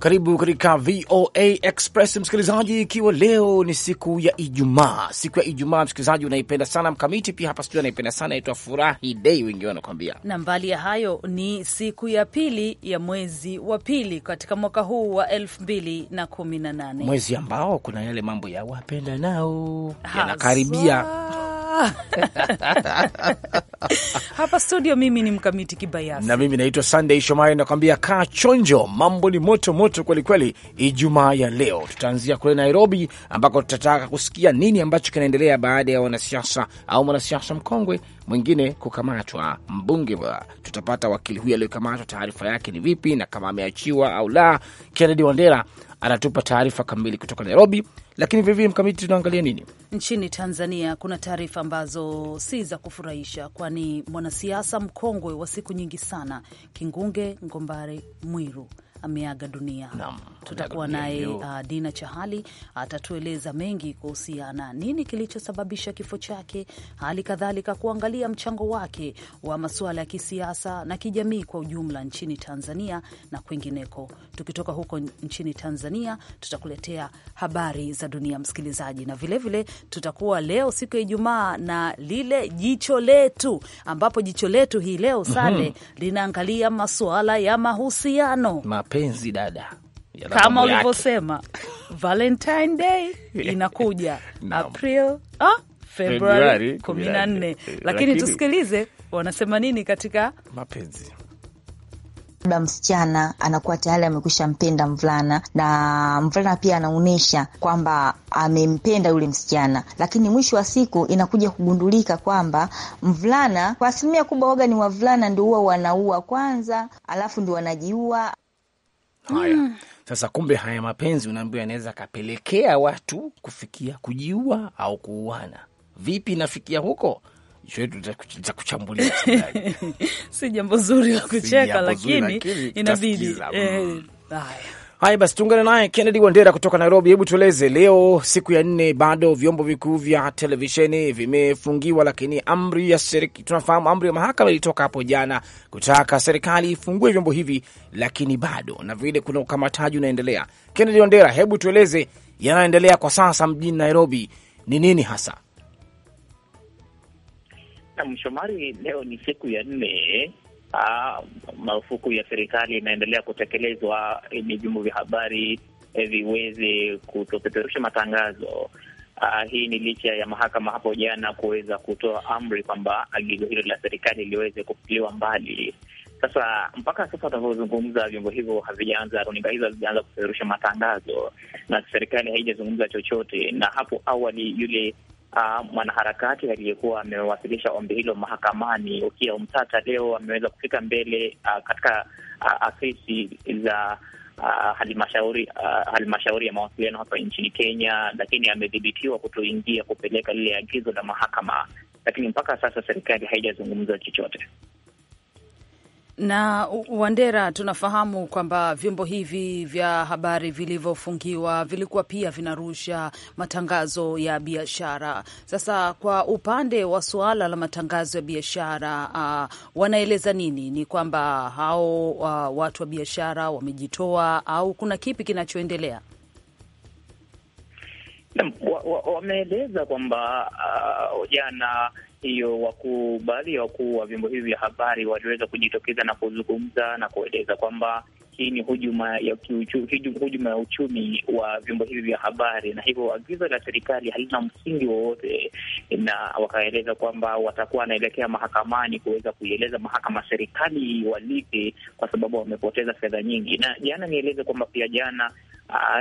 Karibu katika VOA Express msikilizaji, ikiwa leo ni siku ya Ijumaa. Siku ya Ijumaa msikilizaji unaipenda sana mkamiti, pia hapa studio anaipenda sana, inaitwa furahi dei, wengi wanakuambia. Na mbali ya hayo, ni siku ya pili ya mwezi wa pili katika mwaka huu wa elfu mbili na kumi na nane mwezi ambao kuna yale mambo ya wapenda nao yanakaribia hapa studio, mimi ni mkamiti kibayasi na mimi naitwa Sunday Shomari, nakwambia kaa chonjo, mambo ni moto moto kwelikweli. Ijumaa ya leo tutaanzia kule Nairobi, ambako tutataka kusikia nini ambacho kinaendelea baada ya wanasiasa au mwanasiasa mkongwe mwingine kukamatwa mbunge. Tutapata wakili huyu aliyekamatwa, taarifa yake ni vipi na kama ameachiwa au la. Kennedy Wandera anatupa taarifa kamili kutoka Nairobi. Lakini vilevile Mkamiti, tunaangalia nini nchini Tanzania? Kuna taarifa ambazo si za kufurahisha, kwani mwanasiasa mkongwe wa siku nyingi sana Kingunge Ngombare Mwiru ameaga dunia. Tutakuwa naye uh, Dina Chahali atatueleza mengi kuhusiana nini kilichosababisha kifo chake, hali kadhalika kuangalia mchango wake wa masuala ya kisiasa na kijamii kwa ujumla nchini Tanzania na kwingineko. Tukitoka huko nchini Tanzania, tutakuletea habari za dunia, msikilizaji, na vilevile vile, tutakuwa leo siku ya Ijumaa na lile jicho letu, ambapo jicho letu hii leo Sande mm -hmm. linaangalia masuala ya mahusiano Map mapenzi dada kama ulivyosema Valentine Day inakuja April ah, Februari 14 eh, lakini tusikilize wanasema nini katika mapenzi. Labda msichana anakuwa tayari amekwisha mpenda mvulana na mvulana pia anaonyesha kwamba amempenda yule msichana, lakini mwisho wa siku inakuja kugundulika kwamba mvulana, kwa asilimia kubwa waga ni wavulana ndio huwa wanaua kwanza, alafu ndio wanajiua haya mm. Sasa kumbe haya mapenzi unaambiwa yanaweza kapelekea watu kufikia kujiua au kuuana. Vipi nafikia huko? za kuchambulia si jambo zuri la kucheka, lakini inabidi eh, mm. haya Haya basi, tuungane naye Kennedy Wandera kutoka Nairobi. Hebu tueleze leo, siku ya nne, bado vyombo vikuu vya televisheni vimefungiwa, lakini amri ya serikali, tunafahamu amri ya mahakama ilitoka hapo jana kutaka serikali ifungue vyombo hivi, lakini bado na vile kuna ukamataji unaendelea. Kennedy Wandera, hebu tueleze yanayoendelea kwa sasa mjini Nairobi ni nini hasa? Mshomari, leo ni siku ya nne uh, marufuku ya serikali inaendelea kutekelezwa ili vyombo vya habari eh, viweze kutopeperusha matangazo. Uh, hii ni licha ya mahakama hapo jana kuweza kutoa amri kwamba agizo hilo la serikali liweze kufutiliwa mbali. Sasa mpaka sasa tunavyozungumza, vyombo hivyo havijaanza, runinga hizo hazijaanza kupeperusha matangazo na serikali haijazungumza chochote. Na hapo awali yule uh, mwanaharakati aliyekuwa amewasilisha ombi hilo mahakamani ukiwa umtata leo ameweza kufika mbele uh, katika uh, afisi za Uh, halmashauri uh, halmashauri ya mawasiliano hapa nchini Kenya, lakini amedhibitiwa kutoingia kupeleka lile agizo la mahakama, lakini mpaka sasa serikali haijazungumza chochote na Wandera, tunafahamu kwamba vyombo hivi vya habari vilivyofungiwa vilikuwa pia vinarusha matangazo ya biashara. Sasa kwa upande wa suala la matangazo ya biashara uh, wanaeleza nini? Ni kwamba hao uh, watu wa biashara wamejitoa au kuna kipi kinachoendelea? Wameeleza wa, wa kwamba jana uh, hiyo wakuu, baadhi ya wakuu wa vyombo hivi vya habari waliweza kujitokeza na kuzungumza na kueleza kwamba hii ni hujuma ya kiuchumi, hujuma ya uchumi wa vyombo hivi vya habari, na hivyo agizo la serikali halina msingi wowote, na wakaeleza kwamba watakuwa wanaelekea mahakamani kuweza kuieleza mahakama serikali walipe, kwa sababu wamepoteza fedha nyingi. Na jana nieleze kwamba pia jana uh,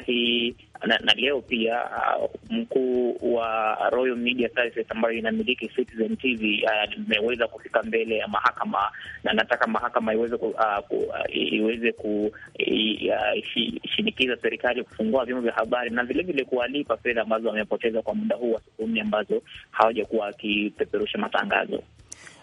na, na leo pia uh, mkuu wa Royal Media Services ambayo inamiliki Citizen TV ameweza ah, uh, kufika mbele ya mahakama na nataka mahakama iweze ku, uh, ku, uh, iweze ku uh, shinikiza serikali kufungua vyombo vya habari na vilevile kuwalipa fedha ambazo wamepoteza kwa muda huu wa siku nne ambazo hawajakuwa wakipeperusha matangazo.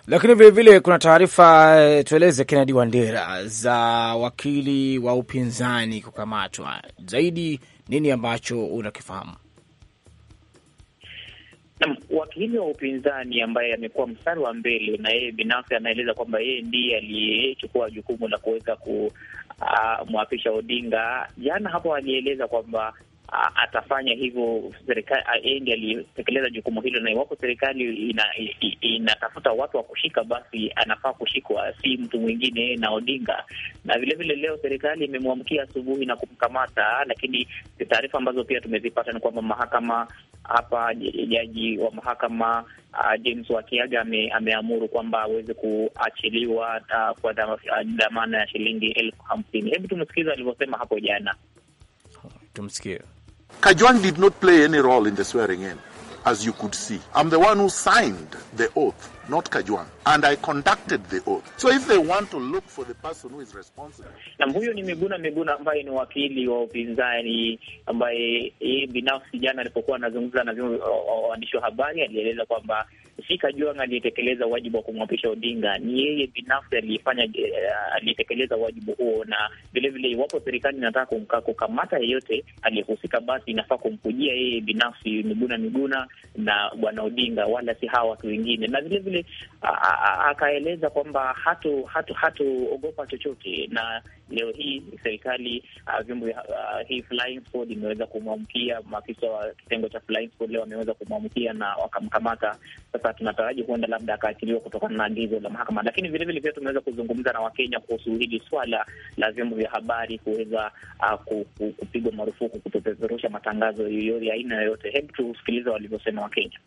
Lakini vilevile vile kuna taarifa eh, tueleze, Kennedy Wandera, za wakili wa upinzani kukamatwa. Zaidi nini ambacho unakifahamu? Naam, wakili wa upinzani ambaye amekuwa mstari wa mbele na yeye binafsi anaeleza kwamba yeye ndiye aliyechukua jukumu la kuweza ah, kumwapisha Odinga. Jana hapo alieleza kwamba atafanya hivyo serikali, yeye ndiye jukumu hilo, na iwapo serikali inatafuta ina watu wa kushika, basi anafaa kushikwa, si mtu mwingine na Odinga. Na vilevile vile leo serikali imemwamkia asubuhi na kumkamata, lakini taarifa ambazo pia tumezipata ni kwamba mahakama hapa jaji wa mahakama uh, James Wakiaga ame, ameamuru kwamba aweze kuachiliwa uh, kwa dhamana ya shilingi elfu hamsini. Hebu tumsikiza alivyosema hapo jana, tumsikie. Kajwang did not play any role in the swearing in, as you could see. I'm the one who signed the oath not Kajwang. And I conducted the oath. So if they want to look for the person who is responsible. Na huyo ni Miguna Miguna ambaye ni wakili wa upinzani ambaye yeye binafsi jana alipokuwa anazungumza na waandishi wa habari alieleza kwamba si Kajwang aliyetekeleza wajibu wa kumwapisha Odinga, ni yeye binafsi aliyefanya eh, aliyetekeleza wajibu huo, na vile vile iwapo serikali inataka kumka kukamata yeyote aliyehusika, basi inafaa kumkujia yeye binafsi Miguna Miguna na bwana Odinga, wala si hawa watu wengine, na vile vile vile akaeleza kwamba hatu hatu hatuogopa chochote, na leo hii serikali vyombo hii Flying Squad imeweza kumwamkia maafisa wa kitengo cha Flying Squad leo wameweza kumwamkia na wakamkamata. Sasa tunataraji huenda labda akaachiliwa kutokana na agizo la mahakama, lakini vilevile pia tumeweza kuzungumza na Wakenya kuhusu hili swala la vyombo vya habari kuweza kupigwa marufuku kupeperusha matangazo yoyote aina yoyote. Hebu tusikilize walivyosema Wakenya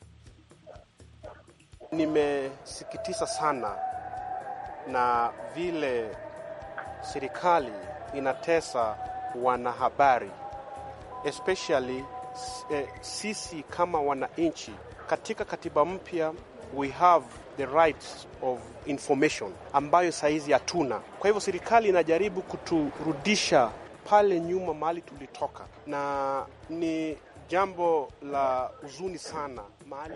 nimesikitisa sana na vile serikali inatesa wanahabari especially eh, sisi kama wananchi. Katika katiba mpya we have the rights of information ambayo sahizi hatuna. Kwa hivyo serikali inajaribu kuturudisha pale nyuma mahali tulitoka, na ni jambo la huzuni sana mahali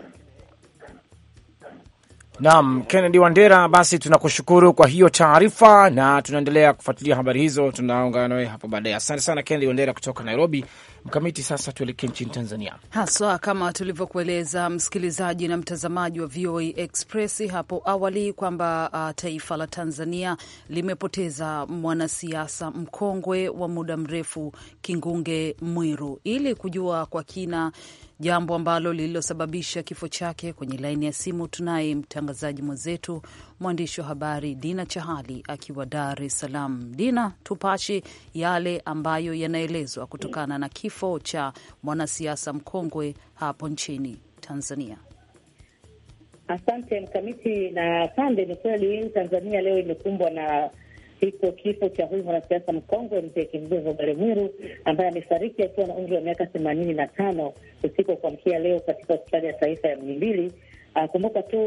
Naam, Kennedy Wandera, basi tunakushukuru kwa hiyo taarifa na tunaendelea kufuatilia habari hizo, tunaungana nawe hapo baadaye. Asante sana Kennedy Wandera kutoka Nairobi. Mkamiti, sasa tuelekee nchini Tanzania, haswa kama tulivyokueleza msikilizaji na mtazamaji wa VOA Express hapo awali kwamba uh, taifa la Tanzania limepoteza mwanasiasa mkongwe wa muda mrefu Kingunge Mwiru. Ili kujua kwa kina jambo ambalo lililosababisha kifo chake. Kwenye laini ya simu tunaye mtangazaji mwenzetu, mwandishi wa habari Dina Chahali akiwa Dar es Salaam. Dina, tupashe yale ambayo yanaelezwa kutokana na kifo cha mwanasiasa mkongwe hapo nchini Tanzania. Asante Mkamiti na Sande. Ni kweli Tanzania leo imekumbwa na kipo kifo cha huyu mwanasiasa mkongwe mzee Kimbuzi Zobale Mwiru ambaye amefariki akiwa na umri wa miaka themanini na tano usiku wa kuamkia leo katika hospitali ya taifa ya Muhimbili. Ah, kumbuka tu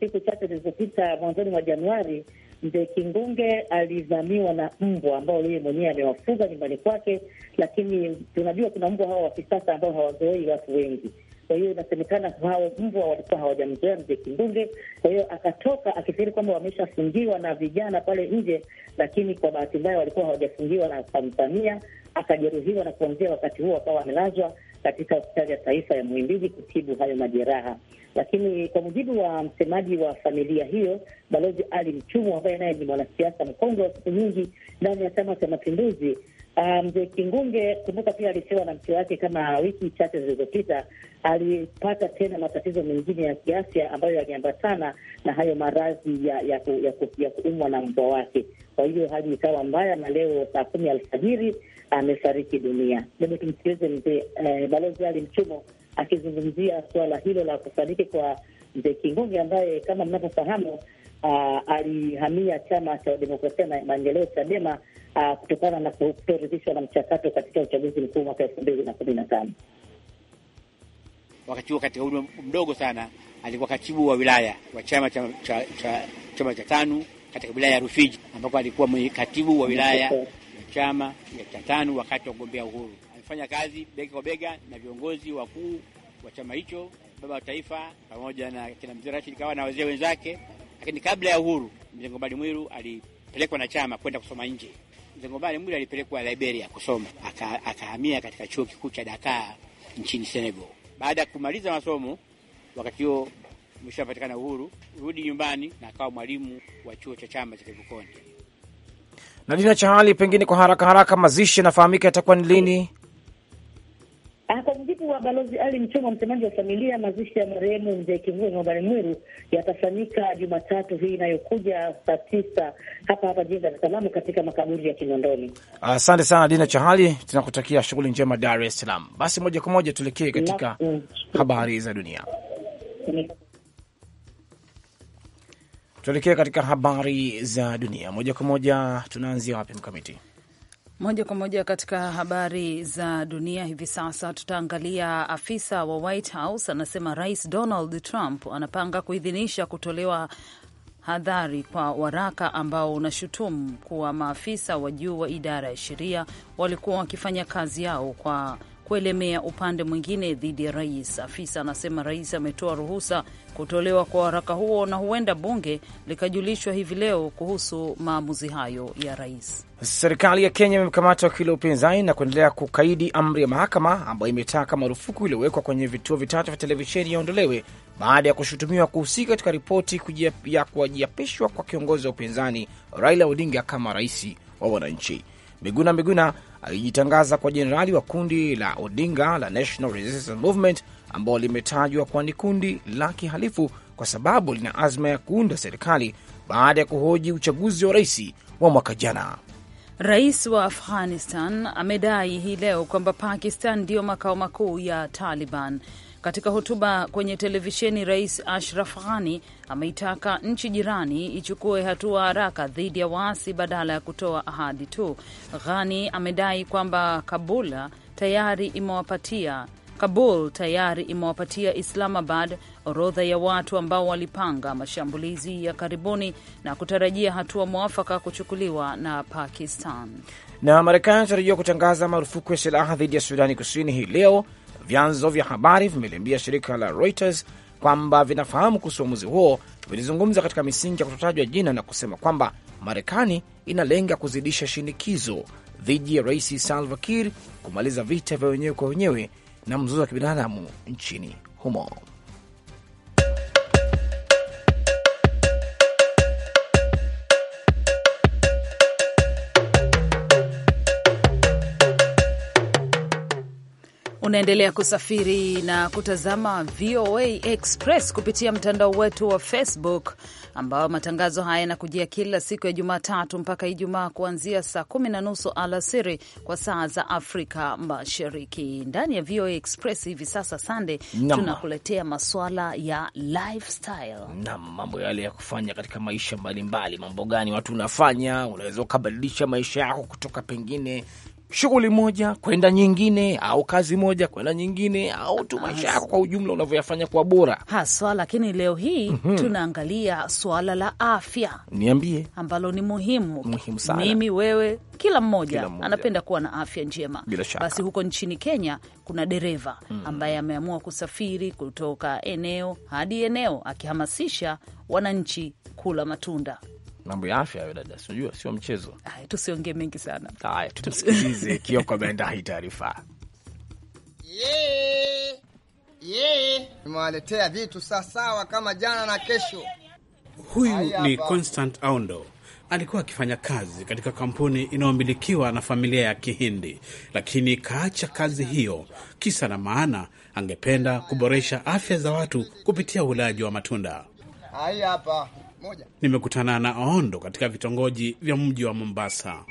siku chache zilizopita mwanzoni mwa Januari, mzee Kingunge alivamiwa na mbwa ambao yeye mwenyewe amewafuga nyumbani kwake, lakini tunajua kuna mbwa hawa wa kisasa ambao hawazoei watu wengi kwa hiyo inasemekana hao mbwa walikuwa hawajamzoea mzee Kimbunge. kwa hiyo akatoka akifikiri kwamba wameshafungiwa na vijana pale nje, lakini kwa bahati mbaya walikuwa hawajafungiwa na akamvamia, akajeruhiwa na kuanzia wakati huo akawa amelazwa katika hospitali ya taifa ya Muhimbili kutibu hayo majeraha. Lakini kwa mujibu wa msemaji wa familia hiyo, Balozi Ali Mchumu ambaye naye ni mwanasiasa mkongwe wa siku nyingi ndani ya Chama cha Mapinduzi, Um, mzee um, Kingunge kumbuka, pia alichewa na mke wake kama wiki chache zilizopita. Alipata tena matatizo mengine ya kiafya ambayo yaliambatana na hayo maradhi ya, ya, ya, ku, ya kuumwa na mbwa wake. Kwa hiyo hali ikawa mbaya, na leo saa kumi alfajiri amefariki dunia. Hebu tumsikilize mzee eh, Balozi Ali Mchumo akizungumzia suala hilo la kufariki kwa mzee Kingunge ambaye kama mnavyofahamu, uh, alihamia chama cha demokrasia na maendeleo CHADEMA uh, kutokana na kutoridhishwa na mchakato katika uchaguzi mkuu mwaka elfu mbili na kumi na tano. Wakati huo katika umri mdogo sana alikuwa katibu wa wilaya wa chama cha, cha, cha, chama cha TANU katika wilaya ya Rufiji ambapo alikuwa katibu wa wilaya ya chama cha TANU wakati wa kugombea uhuru. Alifanya kazi bega kwa bega na viongozi wakuu wa chama hicho, baba wa taifa pamoja na kina Mzee Rashid Kawawa na wazee wenzake. Lakini kabla ya uhuru, Mzee Ngombani Mwiru alipelekwa na chama kwenda kusoma nje. Zengobare Mwili alipelekwa Liberia kusoma, akahamia aka katika chuo kikuu cha Dakar nchini Senegal. Baada ya kumaliza masomo, wakati huo umeshapatikana uhuru, rudi nyumbani na akawa mwalimu wa chuo cha chama cha Kivukoni. Na Dina Chahali, pengine kwa haraka haraka, mazishi yanafahamika yatakuwa ni lini? Ah, mujibu wa Balozi Ali Mchoma, msemaji wa familia, mazishi ya marehemu mzee Kivule Ng'ombale Mwiru yatafanyika Jumatatu hii inayokuja saa tisa hapa hapa jijini Dar es Salaam katika makaburi ya Kinondoni. Asante sana Dina Chahali, tunakutakia shughuli njema Dar es Salaam. Basi moja kwa moja tuelekee katika mm, habari za dunia mm. Tuelekee katika habari za dunia moja kwa moja. Tunaanzia wapi, Mkamiti? Moja kwa moja katika habari za dunia hivi sasa, tutaangalia afisa wa White House anasema Rais Donald Trump anapanga kuidhinisha kutolewa hadhari kwa waraka ambao unashutumu kuwa maafisa wa juu wa idara ya sheria walikuwa wakifanya kazi yao kwa kuelemea upande mwingine dhidi ya rais. Afisa anasema rais ametoa ruhusa kutolewa kwa waraka huo na huenda bunge likajulishwa hivi leo kuhusu maamuzi hayo ya rais. Serikali ya Kenya imekamata wakili wa upinzani na kuendelea kukaidi amri ya mahakama ambayo imetaka marufuku iliyowekwa kwenye vituo vitatu vya televisheni yaondolewe baada ya kushutumiwa kuhusika katika ripoti ya kuajiapishwa kwa kiongozi wa upinzani Raila Odinga kama rais wa wananchi. Miguna Miguna alijitangaza kwa jenerali wa kundi la Odinga la National Resistance Movement ambao limetajwa kuwa ni kundi la kihalifu kwa sababu lina azma ya kuunda serikali baada ya kuhoji uchaguzi wa rais wa mwaka jana. Rais wa Afghanistan amedai hii leo kwamba Pakistan ndiyo makao makuu ya Taliban. Katika hotuba kwenye televisheni, Rais Ashraf Ghani ameitaka nchi jirani ichukue hatua haraka dhidi ya waasi badala ya kutoa ahadi tu. Ghani amedai kwamba Kabula tayari imewapatia Kabul tayari imewapatia Islamabad orodha ya watu ambao walipanga mashambulizi ya karibuni na kutarajia hatua mwafaka kuchukuliwa na Pakistan. Na Marekani inatarajiwa kutangaza marufuku ya silaha dhidi ya Sudani Kusini hii leo Vyanzo vya habari vimeliambia shirika la Reuters kwamba vinafahamu kuhusu uamuzi huo, vilizungumza katika misingi ya kutotajwa jina na kusema kwamba Marekani inalenga kuzidisha shinikizo dhidi ya Rais Salva Kiir kumaliza vita vya wenyewe kwa wenyewe na mzozo wa kibinadamu nchini humo. Unaendelea kusafiri na kutazama VOA Express kupitia mtandao wetu wa Facebook, ambayo matangazo haya yanakujia kila siku ya Jumatatu mpaka Ijumaa kuanzia saa kumi na nusu alasiri kwa saa za Afrika Mashariki. Ndani ya VOA Express hivi sasa, Sande, tunakuletea maswala ya lifestyle na mambo yale ya kufanya katika maisha mbalimbali. Mambo gani watu unafanya, unaweza ukabadilisha maisha yako kutoka pengine shughuli moja kwenda nyingine, au kazi moja kwenda nyingine, au tu ah, maisha yako kwa ujumla unavyoyafanya kwa bora haswa. Lakini leo hii mm -hmm. tunaangalia suala la afya, niambie, ambalo ni muhimu muhimu sana. Mimi, wewe, kila mmoja, kila mmoja anapenda kuwa na afya njema. Basi huko nchini Kenya kuna dereva mm. ambaye ameamua kusafiri kutoka eneo hadi eneo akihamasisha wananchi kula matunda mambo ya afya hayo dada, sijua sio mchezo. Tusiongee mengi sana. Haya, tusikilize. Kioko ameenda hii taarifa. imewaletea vitu sawasawa kama jana na kesho. Huyu ni Constant Aundo alikuwa akifanya kazi katika kampuni inayomilikiwa na familia ya Kihindi, lakini kaacha kazi hiyo. Kisa na maana, angependa kuboresha afya za watu kupitia ulaji wa matunda. Hai hapa Nimekutana na Ondo katika vitongoji vya mji wa Mombasa.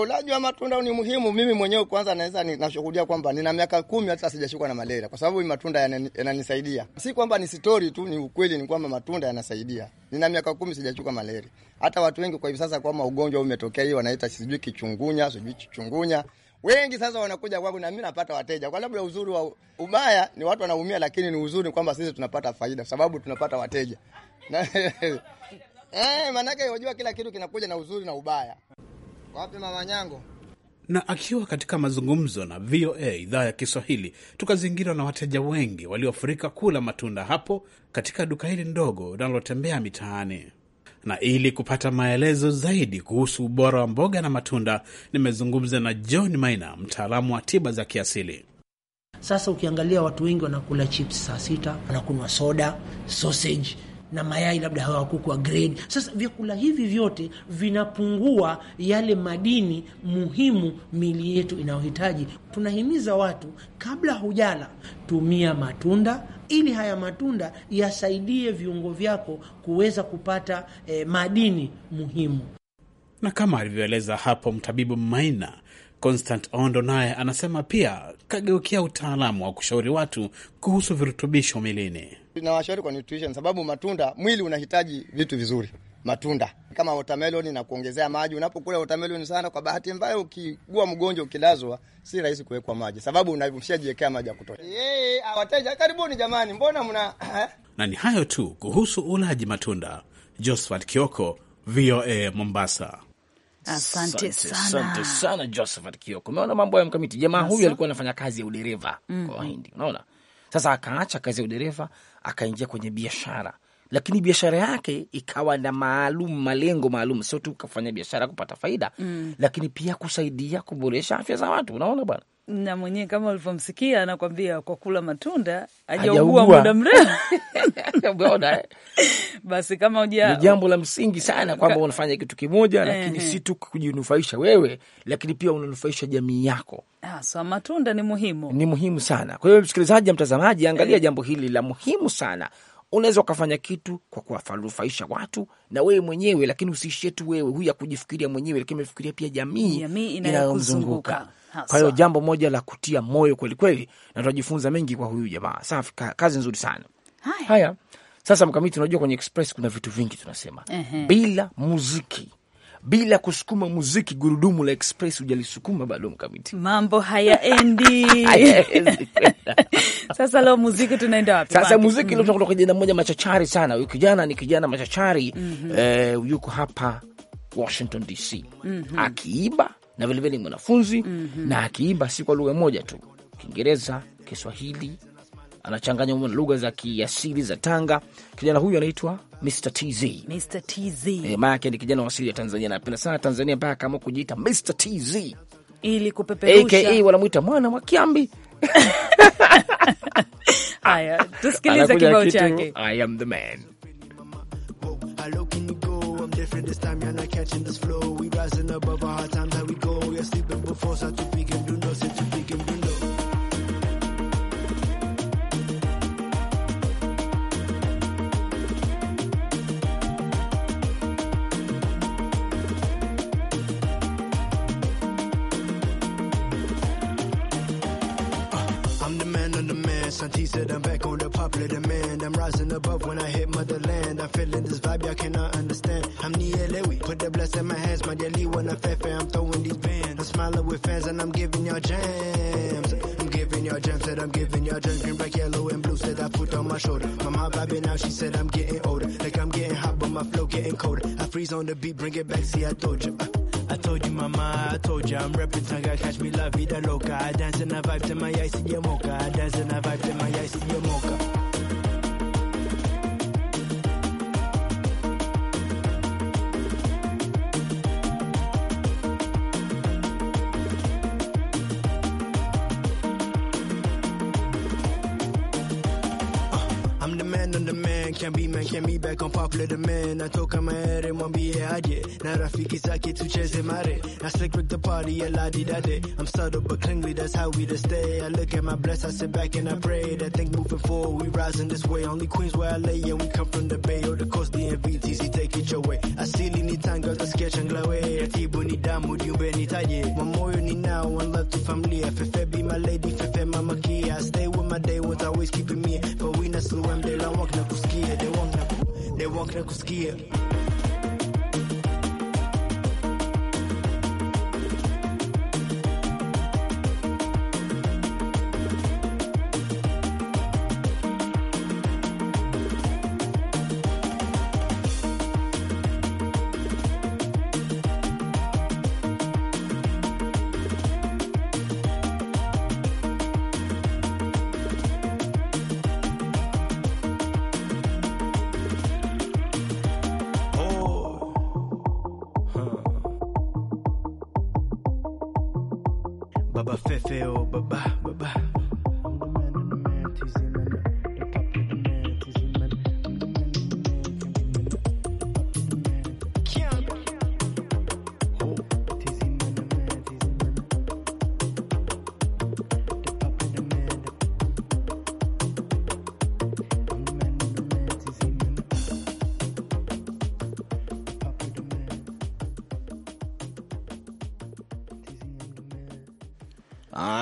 Ulaji wa matunda ni muhimu. Mimi mwenyewe kwanza naweza nashuhudia kwamba nina miaka kumi hata sijashikwa na malaria kwa sababu matunda yananisaidia. yana, Si kwamba ni stori tu, ni ukweli, ni kwamba matunda yanasaidia. Nina miaka kumi sijashikwa malaria. Hata watu wengi kwa hivi sasa, kwamba ugonjwa umetokea, hii wanaita sijui kichungunya, sijui kichungunya wengi sasa wanakuja kwangu na mimi napata wateja kwa sababu ya uzuri wa ubaya ni watu wanaumia, lakini ni uzuri kwamba sisi tunapata faida, sababu tunapata wateja. Eh, maanake unajua kila kitu kinakuja na uzuri na ubaya. Wapi mama nyango? Na akiwa katika mazungumzo na VOA idhaa ya Kiswahili, tukazingirwa na wateja wengi waliofurika kula matunda hapo katika duka hili ndogo linalotembea mitaani. Na ili kupata maelezo zaidi kuhusu ubora wa mboga na matunda, nimezungumza na John Maina, mtaalamu wa tiba za kiasili. Sasa ukiangalia watu wengi wanakula chips saa sita, wanakunywa soda, sausage na mayai labda wa grade. Sasa vyakula hivi vyote vinapungua yale madini muhimu mili yetu inayohitaji. Tunahimiza watu kabla hujala, tumia matunda ili haya matunda yasaidie viungo vyako kuweza kupata eh, madini muhimu. Na kama alivyoeleza hapo mtabibu Maina, Constant Ondo naye anasema pia kageukia utaalamu wa kushauri watu kuhusu virutubisho mwilini. nawashauri kwa nutrition, sababu matunda, mwili unahitaji vitu vizuri matunda kama watermelon na kuongezea maji. Unapokula watermelon sana, kwa bahati mbaya, ukigua mgonjwa, ukilazwa, si rahisi kuwekwa maji, sababu unashajiwekea maji ya kutosha. Yeye awateja, karibuni jamani, mbona mna eh? na ni hayo tu kuhusu ulaji matunda. Josephat Kioko, VOA Mombasa. Asante sana, asante sana Josephat Kioko. Umeona mambo ya mkamiti. Jamaa huyu alikuwa anafanya kazi ya udereva mm -hmm. kwa mm-hmm. Wahindi, unaona. Sasa akaacha kazi ya udereva akaingia kwenye biashara, lakini biashara yake ikawa na maalum malengo maalum, sio tu kufanya biashara kupata faida mm -hmm. lakini pia kusaidia kuboresha afya za watu, unaona bwana na mwenyewe kama ulivyomsikia anakwambia kwa kula matunda ajaugua muda mrefu. Basi kama uja... ni jambo la msingi sana kwamba unafanya kitu kimoja, lakini si tu kujinufaisha wewe, lakini pia unanufaisha jamii yako. Ah, so, matunda ni muhimu, ni muhimu sana. Kwa hiyo msikilizaji, mtazamaji, angalia eh. jambo hili la muhimu sana. Unaweza ukafanya kitu kwa kuwafanufaisha watu na wewe mwenyewe, lakini usiishie tu wewe, huyu akujifikiria mwenyewe, lakini amefikiria pia jamii, jamii inayomzunguka kwa hiyo jambo moja la kutia moyo kweli kweli, na tunajifunza mengi kwa huyu jamaa. Safi, kazi nzuri sana. Haya, haya. Sasa Mkamiti, unajua kwenye Express kuna vitu vingi tunasema Ehe. Bila muziki, bila kusukuma muziki, gurudumu la Express hujalisukuma bado, Mkamiti, mambo hayaendi. Sasa leo muziki tunaenda wapi? Sasa muziki mm -hmm. leo tunakutoka kijana mmoja machachari sana. Huyu kijana ni kijana machachari mm -hmm. eh, yuko hapa Washington DC mm -hmm. akiiba na vilevile ni mwanafunzi mm -hmm. na akiimba si kwa lugha moja tu, Kiingereza, Kiswahili, anachanganya na lugha za kiasili za Tanga. Kijana huyu anaitwa Mr TZ. Mr TZ e, eh, maana ni kijana wa asili ya Tanzania, anapenda sana Tanzania mpaka akaamua kujiita Mr TZ ili kupeperusha, aka wanamwita mwana wa Kiambi. Aya, tusikilize kibao chake I am the man Santee said I'm back on the popular demand. I'm rising above when I hit motherland. I'm feeling this vibe, y'all cannot understand. I'm Nielewi, put the bless in my hands. My daily when I'm I'm throwing these bands. I'm smiling with fans and I'm giving y'all jams. I'm giving y'all jams, said I'm giving y'all jams. Green, black, yellow, and blue, said I put on my shoulder. My mom vibing out, she said I'm getting older. Like I'm getting hot, but my flow getting colder. I freeze on the beat, bring it back, see I told you. I told you mama, I told you I'm reppin' Tonga, catch me la vida loca. I dance and I vibe to my your mocha. I dance and I vibe to my your mocha. man on the man. Can be man, can be back on popular demand. I told my head and one be yeah, I did. Now Rafiki Saki to Chase Mare. I slick with the party, a la di da day. I'm subtle but cleanly, that's how we to stay. I look at my bless, I sit back and I pray. That think moving forward, we rising this way. Only Queens where I lay, and we come from the bay. Or the coast, the MVTC, take it your way. I see ni tanga, the sketch and glow. Atibu ni damu, diumbe ni taje. Mamoyo ni now, one love to family. Fefe be my lady, Fefe mama kia. I stay with my day, what's always keeping me. But we not slow, I'm day long. walk na kusikia, they walk kusikia bye bye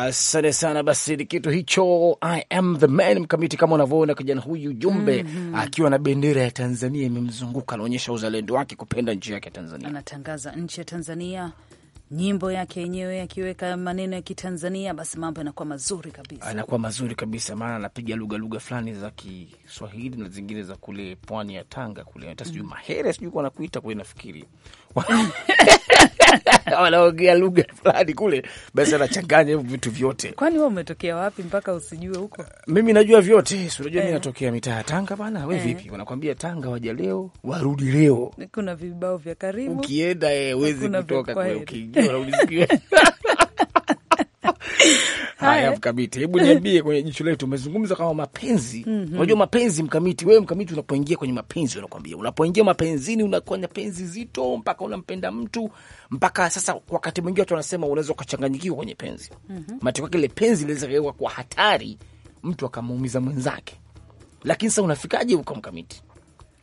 Asante sana. Basi ni kitu hicho, I am the man mkamiti, kama unavyoona kijana huyu Jumbe mm -hmm. akiwa na bendera ya Tanzania imemzunguka, anaonyesha uzalendo wake, kupenda nchi yake ya Tanzania, anatangaza nchi ya Tanzania nyimbo yake yenyewe akiweka maneno ya Kitanzania, basi mambo yanakuwa mazuri kabisa, anakuwa mazuri kabisa, maana anapiga lugha lugha fulani za Kiswahili na zingine za kule pwani ya Tanga kule, hata sijui mm. mahere, sijui nakuita kule, nafikiri wanaongea lugha fulani kule, basi anachanganya vitu vyote. Kwani wewe umetokea wapi mpaka usijue huko? Mimi najua vyote, si unajua Mimi eh. natokea mitaa Tanga bana, we eh. Vipi wanakwambia Tanga waja leo warudi leo, kuna vibao vya karibu ukienda, wezi eh, uwezi kutoka, ukiingia unaulizikiwa Haya, Mkamiti, hebu niambie kwenye jicho letu, umezungumza kama mapenzi. Mhm. Unajua mapenzi Mkamiti, wewe Mkamiti, unapoingia kwenye mapenzi, unakwambia unapoingia mapenzini, unakwenda penzi zito mpaka unampenda mtu mpaka sasa. Wakati mwingine watu wanasema unaweza ukachanganyikiwa kwenye penzi mm -hmm. matokeo kile penzi linaweza kuwa kwa hatari, mtu akamuumiza mwenzake, lakini sasa unafikaje huko Mkamiti?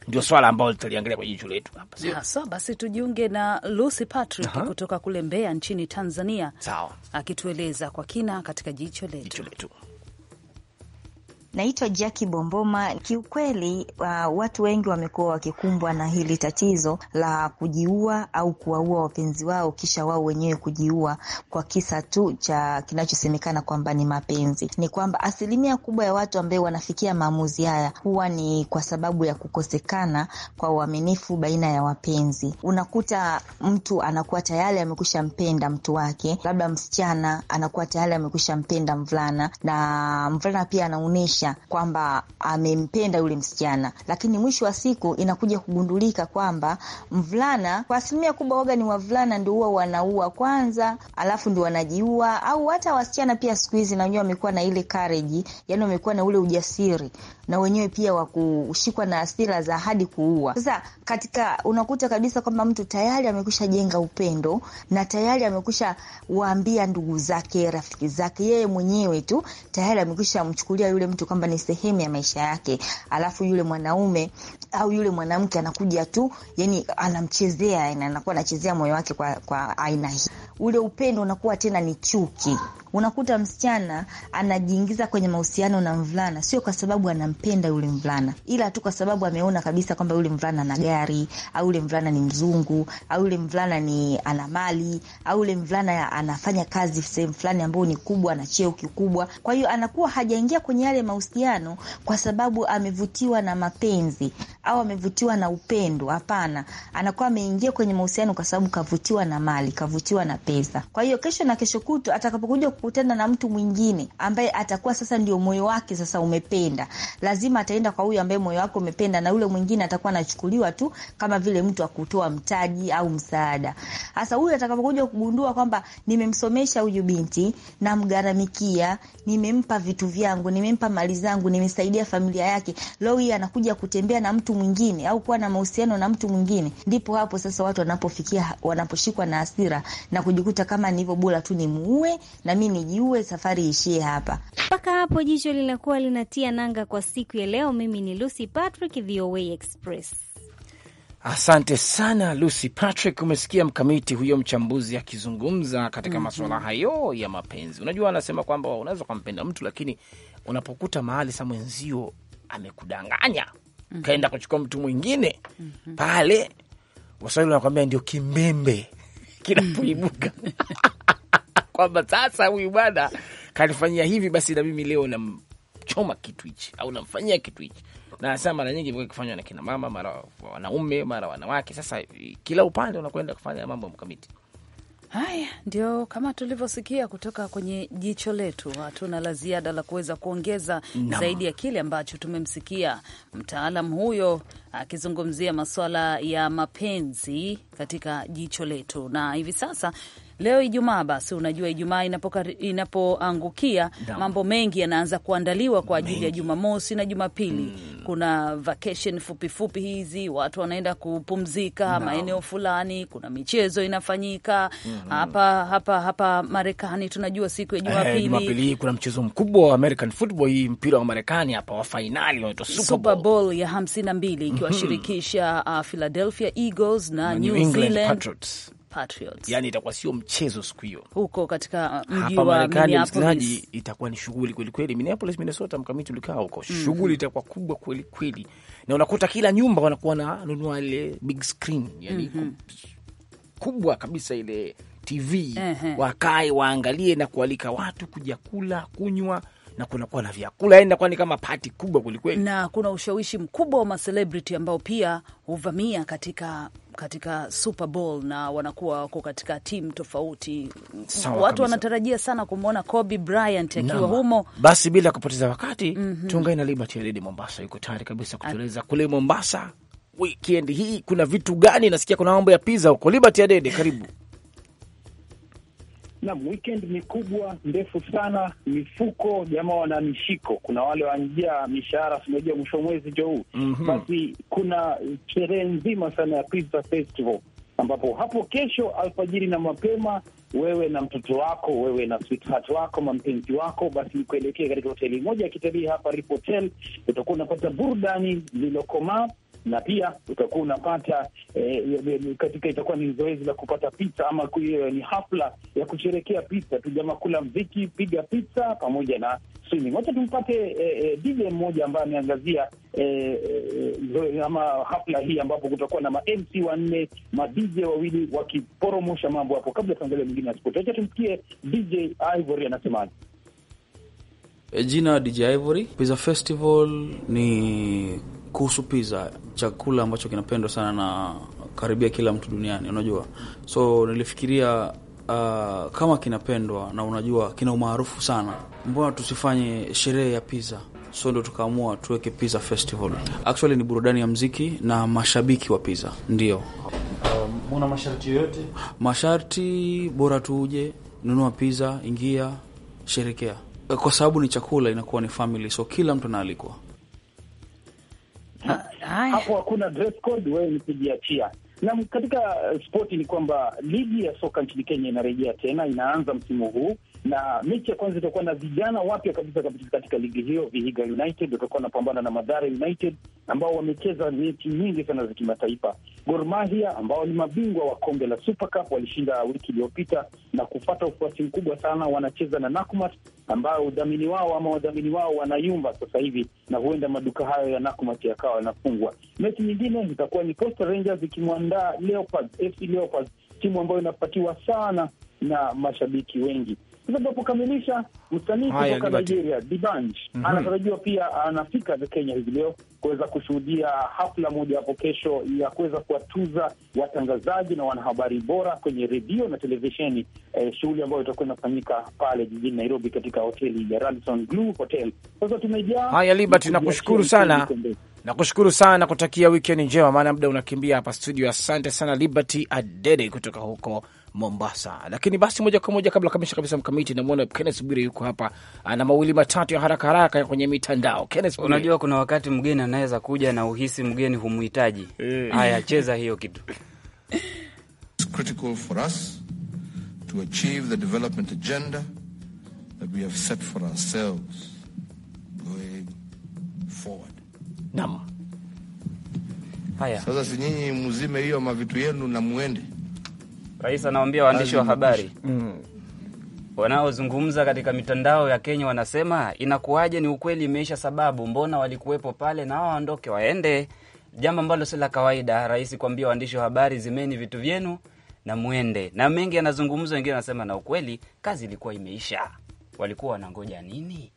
ndio swala ambalo litaliangalia kwa jicho letu hapa yeah. Basi tujiunge na Lucy Patrick uh -huh. kutoka kule Mbeya nchini Tanzania, sawa, akitueleza kwa kina katika jicho letu, jicho letu. Naitwa Jackie Bomboma. Kiukweli uh, watu wengi wamekuwa wakikumbwa na hili tatizo la kujiua au kuwaua wapenzi wao kisha wao wenyewe kujiua kwa kisa tu cha kinachosemekana kwamba ni mapenzi. Ni kwamba asilimia kubwa ya watu ambao wanafikia maamuzi haya huwa ni kwa sababu ya kukosekana kwa uaminifu baina ya wapenzi. Unakuta mtu anakuwa tayari amekwisha mpenda mtu wake, labda msichana anakuwa tayari amekwisha mpenda mvulana, na mvulana pia anaonyesha kuonyesha kwamba amempenda yule msichana, lakini mwisho wa siku inakuja kugundulika kwamba mvulana, kwa asilimia kubwa waga ni wavulana ndio huwa wanaua kwanza, alafu ndio wanajiua, au hata wasichana pia siku hizi najua wamekuwa na ile kareji, yani wamekuwa na ule ujasiri na wenyewe pia wa kushikwa na hasira za hadi kuua. Sasa katika unakuta kabisa kwamba mtu tayari amekusha jenga upendo na tayari amekusha waambia ndugu zake, rafiki zake, yeye mwenyewe tu tayari amekusha mchukulia yule mtu kwamba ni sehemu ya maisha yake, alafu yule mwanaume au yule mwanamke anakuja tu, yani anamchezea na anakuwa anachezea moyo wake kwa, kwa aina hii, ule upendo unakuwa tena ni chuki. Unakuta msichana anajiingiza kwenye mahusiano na mvulana sio kwa sababu anampenda yule mvulana, ila tu kwa sababu ameona kabisa kwamba yule mvulana ana gari au yule mvulana ni mzungu au yule mvulana ni ana mali au yule mvulana anafanya kazi sehemu fulani ambayo ni kubwa na cheo kikubwa. Kwa hiyo anakuwa hajaingia kwenye yale mahusiano mahusiano kwa sababu amevutiwa na mapenzi au amevutiwa na upendo. Hapana, anakuwa ameingia kwenye mahusiano kwa sababu kavutiwa na mali, kavutiwa na pesa. Kwa hiyo kesho na kesho kutu atakapokuja kukutana na mtu mwingine ambaye atakuwa sasa ndio moyo wake sasa umependa, lazima ataenda kwa huyu ambaye moyo wake umependa, na yule mwingine atakuwa anachukuliwa tu kama vile mtu akutoa mtaji au msaada. Sasa huyu atakapokuja kugundua kwamba nimemsomesha huyu binti, namgaramikia, nimempa vitu vyangu, nimempa mali habari zangu, nimesaidia familia yake, leo hii anakuja kutembea na mtu mwingine au kuwa na mahusiano na mtu mwingine. Ndipo hapo sasa watu wanapofikia, wanaposhikwa na hasira na kujikuta kama nilivyo, bora tu nimuue na mi nijiue, safari ishie hapa. Mpaka hapo jicho linakuwa linatia nanga kwa siku ya leo. Mimi ni Lucy Patrick, VOA Express. Asante sana Lucy Patrick. Umesikia mkamiti huyo mchambuzi akizungumza katika mm -hmm. masuala hayo ya mapenzi. Unajua, anasema kwamba unaweza ukampenda mtu, lakini unapokuta mahali sa mwenzio amekudanganya mm -hmm. kaenda kuchukua mtu mwingine mm -hmm. pale Waswahili wanakwambia ndio kimbembe kinapoibuka kwamba sasa huyu bwana kanifanyia hivi, basi na mimi leo namchoma kitu hichi au namfanyia kitu hichi na sasa mara nyingi imekuwa kufanywa na kina mama, mara wanaume, mara wanawake. Sasa kila upande unakwenda kufanya mambo mkamiti. Haya ndio kama tulivyosikia kutoka kwenye jicho letu. Hatuna la ziada la kuweza kuongeza no. zaidi ya kile ambacho tumemsikia mtaalam huyo akizungumzia masuala ya mapenzi katika jicho letu, na hivi sasa leo Ijumaa, basi unajua Ijumaa inapoangukia inapo mambo mengi yanaanza kuandaliwa kwa ajili ya Jumamosi na Jumapili. Mm. Kuna vacation fupifupi hizi, watu wanaenda kupumzika maeneo fulani, kuna michezo inafanyika mm -hmm. hapa hapa hapa Marekani tunajua siku ya Jumapili eh, Jumapili kuna mchezo mkubwa wa American football, hii mpira wa Marekani hapa wa fainali unaitwa Super Bowl ya 52 ikiwashirikisha mm -hmm. uh, Philadelphia Eagles na New, New England Patriots Patriots. Yani itakuwa sio mchezo siku hiyo huko katika uh, mji wa Marekani. itakuwa ni shughuli kweli kweli. Minneapolis, Minnesota, mkamiti ulikaa huko, mm-hmm. shughuli itakuwa kubwa kweli kweli, na unakuta kila nyumba wanakuwa nunua ile big screen, yani mm -hmm. kubwa kabisa ile TV uh -huh. Wakae waangalie na kualika watu kuja kula kunywa na kunakuwa na vyakula, yani inakuwa ni kama pati kubwa kwelikweli, na kuna ushawishi mkubwa wa macelebrity ambao pia huvamia katika katika Super Bowl na wanakuwa wako katika timu tofauti. Sawa, watu kabisa wanatarajia sana kumwona Kobe Bryant akiwa humo. Basi bila kupoteza wakati mm -hmm. tuungane na Liberty Adede Mombasa, yuko tayari kabisa kutueleza kule Mombasa wikendi hii kuna vitu gani. Nasikia kuna mambo ya pizza huko. Liberty Adede, karibu Naam, weekend ni kubwa ndefu sana, mifuko jamaa wana mishiko. Kuna wale wanjia mishahara, sinajua mwisho mwezi jo huu mm -hmm. Basi kuna sherehe nzima sana ya Pizza Festival ambapo hapo kesho alfajiri na mapema, wewe na mtoto wako, wewe na sweetheart wako, mampenzi wako, basi kuelekea katika hoteli moja ya kitalii hapa utakuwa unapata burudani lililokomaa na pia utakuwa unapata e, katika itakuwa ni zoezi la kupata pizza ama kuyo, eh, ni hafla ya kusherekea pizza, tujama kula mziki, piga pizza pamoja na swimming. Wacha tumpate e, eh, DJ mmoja ambaye ameangazia e, ama hafla hii ambapo kutakuwa na ma-MC wanne ma-DJ wawili wakiporomosha mambo hapo. Kabla tuangalia mwingine asipoti, wacha tumsikie DJ Ivory anasemaje. Jina DJ Ivory Pizza Festival ni kuhusu pizza, chakula ambacho kinapendwa sana na karibia kila mtu duniani, unajua. So nilifikiria uh, kama kinapendwa na unajua kina umaarufu sana, mbona tusifanye sherehe ya pizza? So ndo tukaamua tuweke pizza festival. Actually ni burudani ya mziki na mashabiki wa pizza, ndio una um, masharti yoyote? Masharti bora tuje, nunua pizza, ingia, sherekea. Kwa sababu ni chakula, inakuwa ni family, so kila mtu anaalikwa hapo hakuna dress code, wewe ni kujiachia. Na katika eh, spoti ni kwamba ligi ya soka nchini Kenya inarejea tena, inaanza msimu huu na mechi ya kwanza itakuwa na vijana wapya kabisa kabisa katika ligi hiyo. Vihiga United watakuwa wanapambana na Madhara United ambao wamecheza mechi nyingi sana za kimataifa. Gor Mahia ambao ni mabingwa wa kombe la Super Cup walishinda wiki iliyopita na kupata ufuasi mkubwa sana, wanacheza na Nakumat ambao udhamini wao ama wadhamini wao wanayumba sasa hivi, na huenda maduka hayo ya Nakumat yakawa yanafungwa. Mechi nyingine itakuwa ni Coastal Rangers ikimwandaa Leopards, FC Leopards, timu ambayo inapatiwa sana na mashabiki wengi sababu tunapokamilisha msanii kutoka Nigeria Dibanj mm -hmm. anatarajiwa pia anafika the Kenya hivi leo kuweza kushuhudia hafla moja hapo kesho ya kuweza kuwatuza watangazaji na wanahabari bora kwenye redio na televisheni eh, shughuli ambayo itakuwa inafanyika pale jijini Nairobi katika hoteli ya Radisson Blue Hotel. Sasa tumejaa haya. Liberty, nakushukuru sana, nakushukuru sana, kutakia weekend njema, maana muda unakimbia hapa studio. Asante sana Liberty Adede kutoka huko Mombasa. Lakini basi moja kwa moja kabla kamisha kabisa mkamiti, namwona Kenneth Bwire yuko hapa ana mawili matatu ya haraka haraka kwenye mitandao. Kenneth Bwire, unajua kuna wakati mgeni anaweza kuja na uhisi mgeni humhitaji. Eh. Haya, cheza hiyo kitu It's critical for us to achieve the development agenda that we have set for ourselves going forward. Naam. Haya. Sasa si nyinyi mzime hiyo mavitu yenu na muende Rais anawambia waandishi wa habari mm, wanaozungumza katika mitandao ya Kenya wanasema inakuwaje? Ni ukweli imeisha, sababu mbona walikuwepo pale na waondoke waende, jambo ambalo si la kawaida. Rais kuambia waandishi wa habari zimeni vitu vyenu na mwende, na mengi yanazungumzwa. Wengine wanasema na ukweli kazi ilikuwa imeisha, walikuwa wanangoja nini?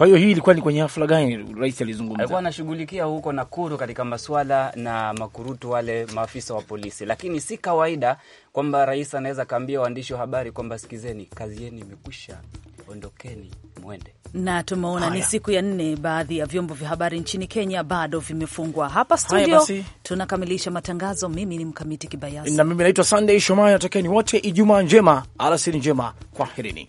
Kwa hiyo hii ilikuwa ni kwenye hafla gani rais alizungumza? Alikuwa anashughulikia huko Nakuru katika masuala na makurutu wale maafisa wa polisi, lakini si kawaida kwamba rais anaweza kaambia waandishi wa habari kwamba sikizeni, kazi yenu imekwisha, ondokeni mwende na tumeona ni siku ya nne, baadhi ya vyombo vya habari nchini Kenya bado vimefungwa. Hapa studio tunakamilisha matangazo. Mimi ni Mkamiti Kibayasi na mimi naitwa Sunday Shomaya. Takieni wote Ijumaa njema, alasiri njema, kwaherini.